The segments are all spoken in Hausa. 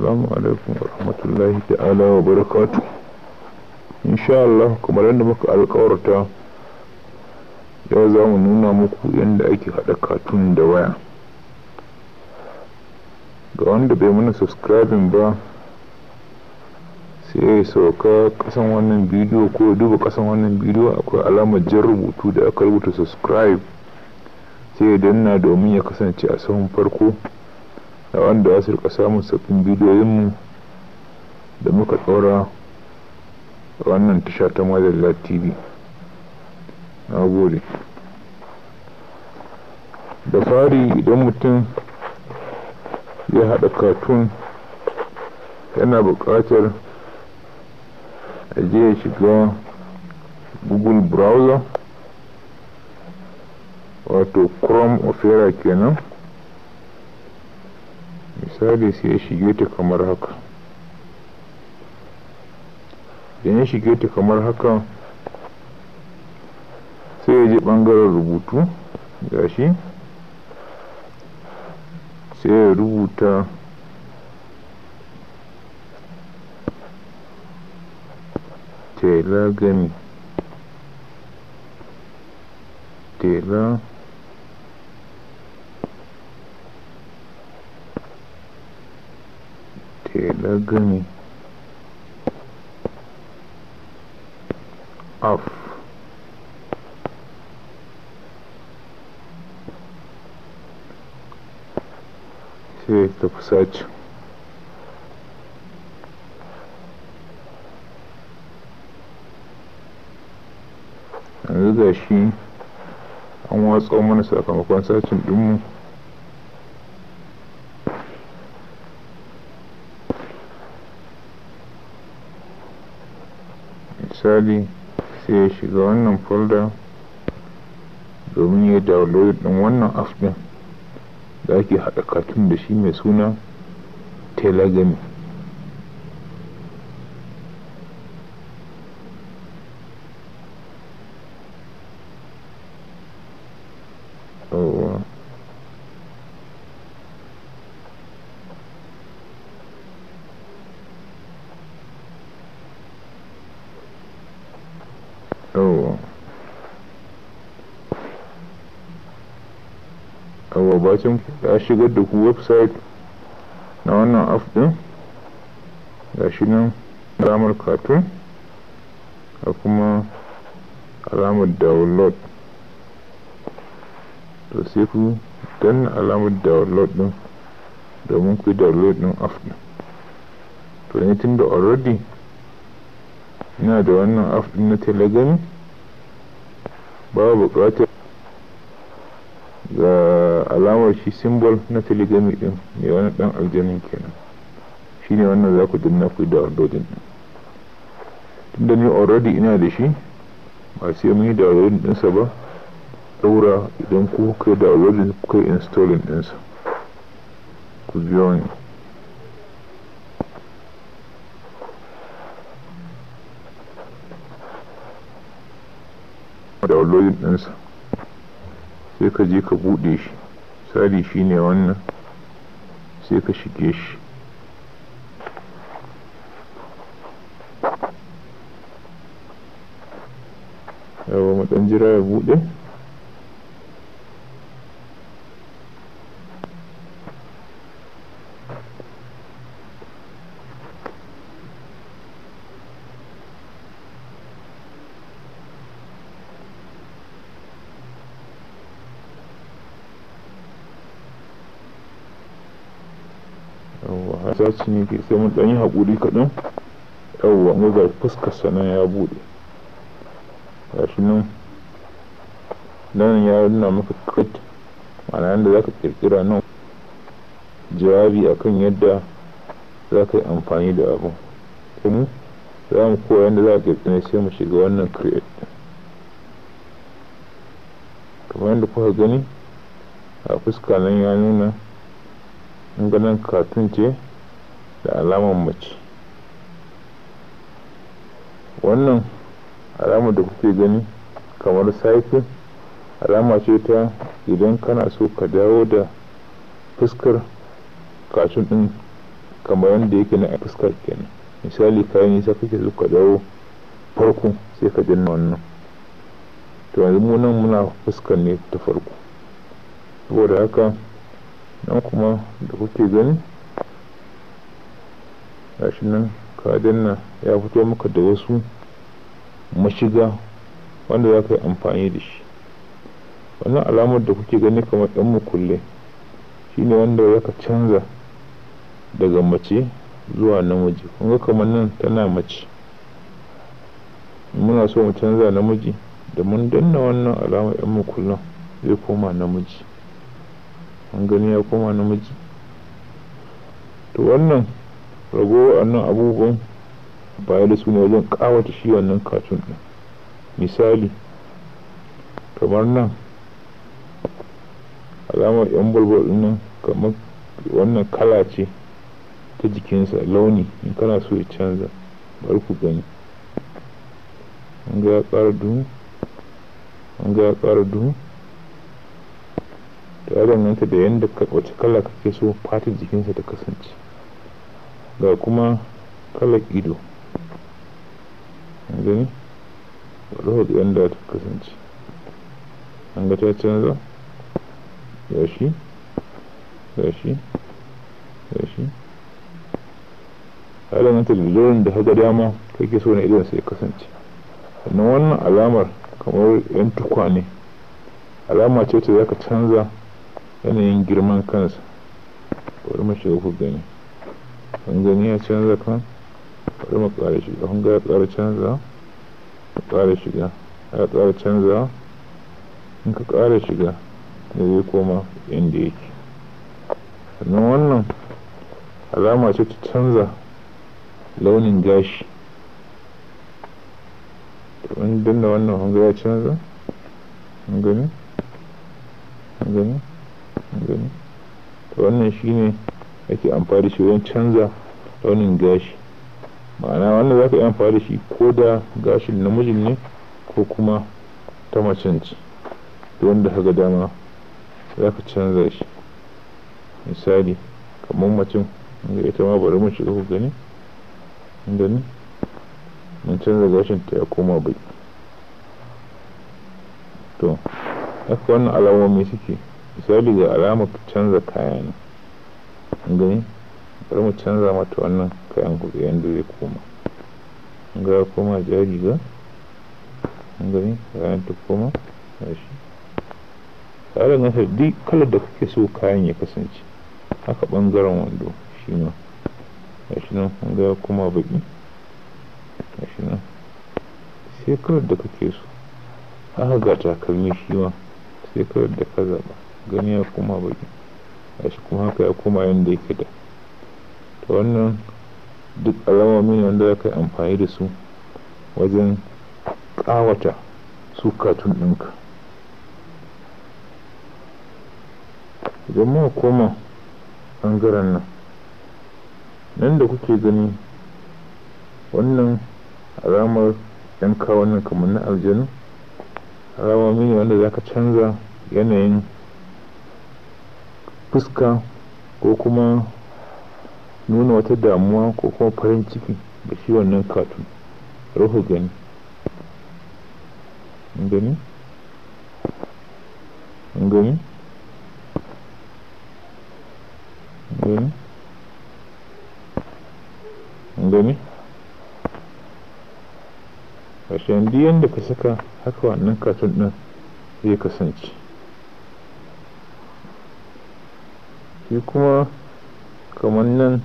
assalamu alaikum wa rahmatullahi ta'ala wa barakatu insha Allah kamar yadda muka alkawarta yau za mu nuna muku yadda ake haɗa katun da waya ga wanda bai mana subscribing ba sai ya sauka kasan wannan bidiyo ko duba kasan wannan bidiyo akwai alamar jan rubutu da aka rubuta subscribe sai ya danna domin ya kasance a sahun farko da wanda ya sirka samun sabbin bidiyoyinmu da muka tsora da wannan tasha ta madalla tv na gode da fari idan mutum ya haɗa katun yana buƙatar je ya shiga google browser wato chrome opera kenan sai ya shige ta kamar haka idan ya shige ta kamar haka sai ya je bangaren rubutu gashi sai ya rubuta tela gani tela. ke gami off sai ta fusaci yanzu ga shi an watsa mana sakamakon sacin ɗinmu misali sai ya shiga wannan folder domin ya download din wannan app ɗin da ake haɗa katun da shi mai suna telagami yawa bacin a shigar da ku website na wannan app din shi nan alamar cartoon da kuma alamar download to sai ku danna alamar download din domin ku download din app din to ne tun da already ina da wannan app din na telegram ba bukatar ga alamar shi simbol na telegami din mai wani dan aljanin kenan shine wannan za ku danna ku da downloading tunda ni already ina da shi ba sai mun yi downloading ɗinsa ba ɗaura idan ku kai da ku kai installing ɗinsa ku biyo ni downloading ɗinsa sai ka je ka buɗe shi tsari shine wannan sai ka shige shi yawon matan jira ya buɗe research ne ke sai mun ɗanyi haƙuri kaɗan yawwa mu ga fuskar nan ya buɗe gashi nan nan ya nuna maka kit ma'ana yadda za ka ƙirƙira nan jawabi akan yadda za ka yi amfani da abu kuma za mu koya yadda za ka ƙirƙira sai mu shiga wannan create kamar yadda kuka gani a fuska nan ya nuna in ganin katun ce da alaman mace wannan alamar da kuke gani kamar saifin alama ce ta idan kana so ka dawo da fuskar kacin din kamar yadda yake na fuskar kenan misali kayan nisa kake so ka dawo farko sai ka jin wannan to yanzu mu nan muna fuskar ne ta farko saboda haka nan kuma da kuke gani gashi nan nan ya fito maka da wasu mashiga wanda za ka yi amfani da shi wannan alamar da kuke gani kamar ɗan mukulle shine wanda ya ka canza daga mace zuwa namiji kun ga kamar nan tana mace muna so mu canza namiji da mun danna wannan alamar ɗan mukullen zai koma namiji an gani ya koma namiji to wannan rago wannan abubuwan baya da su ne wajen kawata shi wannan katun din misali kamar nan alamar yan bulbul nan kamar wannan kala ce ta jikinsa launi in kana so ya canza bar ku gani an ga ya kara duhu an ga ya kara duhu ta danganta da yadda wace kala kake so fatar jikinsa ta kasance ga kuma kalar ido gani yan yadda ta kasance an ga ta canza shi gashi shi alamanta da zorin da haka dama kake so na idon sai kasance sannan wannan alamar kamar yan tukwa ne alama ce ta ka canza yanayin girman kansa bari mu shiga ku gani kun gani ya canza kan bari mu ƙara shiga kun ga ya ƙara canza ka ƙara shiga ya ƙara canza in ka kara shiga da zai koma inda yake sannan wannan alama ce ta canza launin gashi in danna wannan hunga ya canza gani gani gani to wannan shine ake amfani da shi wajen canza launin gashi ma'ana wannan za ka yi amfani da shi ko da gashin namijin ne ko kuma ta macen ce da ka ga dama za ka canza shi misali kamar macen ga ita ma bari mun shiga ku gani inda ne mun canza gashin ta ya koma bai to haka wannan alamomi suke misali ga alamar canza kaya ne an gani bari mu canza mata wannan kayan kuɗi yadda zai koma ga ya koma jari ga an gani kayan ta koma shi tare da nasa duk kalar da kake so kayan ya kasance haka ɓangaren wando shi ma shi nan an ga koma baƙi shi nan sai kalar da kake so haka ga takalmi shi ma sai kalar da ka zaɓa gani ya koma baƙi a shi kuma haka ya koma yadda yake da ta wannan duk alamomi ne wanda za ka amfani da su wajen kawata su katun ɗinka idan muka koma ɓangaren nan nan da kuke gani wannan alamar yanka wannan kamar na aljanu alamomi ne wanda za ka canza yanayin fuska ko kuma nuna wata damuwa ko kuma farin ciki da shi wannan katun ruhu gani gani gani gani gani ƙarshen biyan da ka saka haka wannan katun ɗin zai kasance shi kuma kamar nan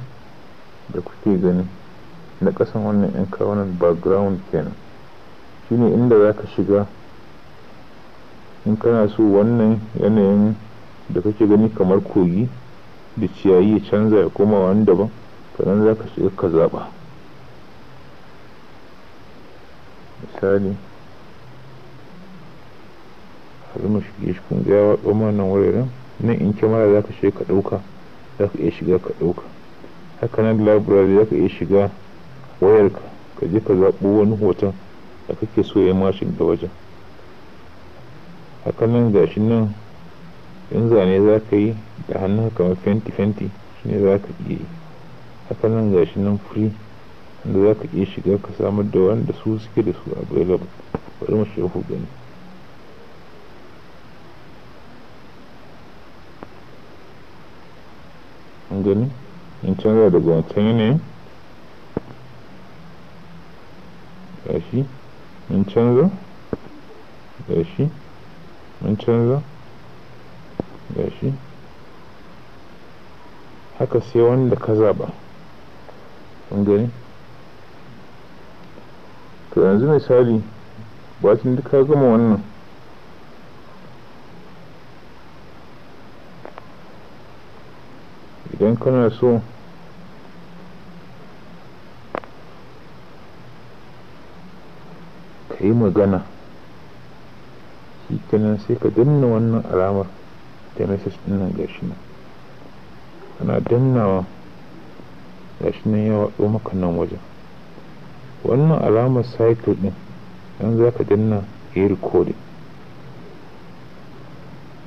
da kuke gani na kasan wannan yan kawanan background kenan shine inda za ka shiga in kana so wannan yanayin da kake gani kamar kogi da ciyayi ya canza ya koma wani daban sannan za ka shiga ka zaɓa misali har mu shige shi kun ga wuraren nan in kyamara za ka shiga ka ɗauka za ka iya shiga ka ɗauka haka nan library za ka iya shiga wayarka ka je ka zaɓo wani hoton da kake so ya mashin da wajen haka nan gashi nan in zane za ka yi da hannun kamar fenti fenti shine za ka iya yi haka nan gashi nan free wanda za ka iya shiga ka samar da wanda su suke da su a available bari mu shiga ku gani an gani in canza daga wancan yanayin gashi in canza gashi in canza gashi haka sai wanda ka zaba an gani to yanzu misali bacin duk ka gama wannan idan kana so ka magana shi kenan sai ka danna wannan alamar ta message din nan gashi nan kana dannawa gashi nan ya waɗo maka nan wajen wannan alamar cycle din dan za ka danna ya yi recording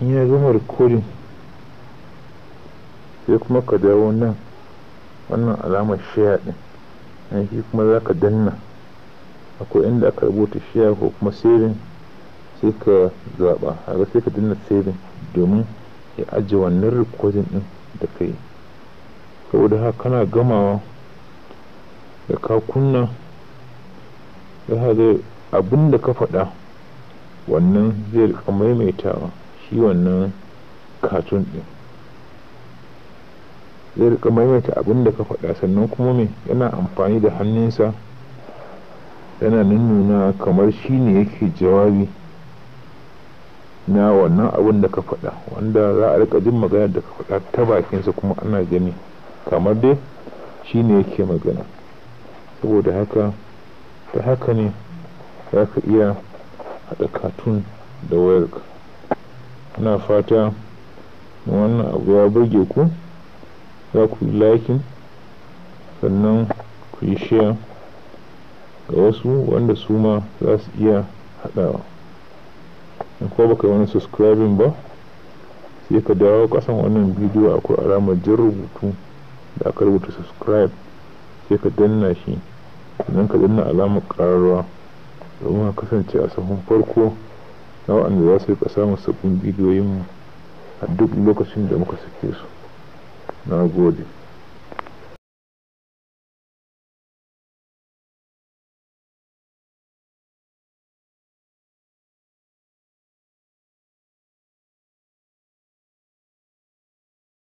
in ya zama recording sai kuma ka dawo nan wannan alamar shiya ɗin nan shi kuma za ka danna akwai inda aka rubuta shiya ko kuma saving sai ka zaɓa haka sai ka danna saving domin ya ajiye wannan rikodin ɗin da ka yi saboda haka kana gamawa da ka kunna za zai abin da ka faɗa wannan zai rika maimaitawa shi wannan katun ɗin zai rika maimaita abin da ka faɗa sannan kuma me yana amfani da hannunsa yana nuna kamar shi ne yake jawabi na wannan abin da ka faɗa wanda za a rika jin magana da ka faɗa ta bakinsa kuma ana gani kamar dai shi ne yake magana saboda haka ta haka ne za ka iya haɗa katun da wayarka ana fata wannan abu ya burge ku za ku yi liking sannan ku yi share ga wasu wanda su ma za su iya haɗawa in ko baka wani subscribing ba sai ka dawo kasan wannan bidiyo akwai alamar jin rubutu da aka rubuta subscribe sai ka danna shi sannan ka danna alamar ƙararwa domin ka kasance a sahun farko na waɗanda za su yi ƙasa samun sabbin bidiyoyinmu a duk lokacin da muka sake su na gode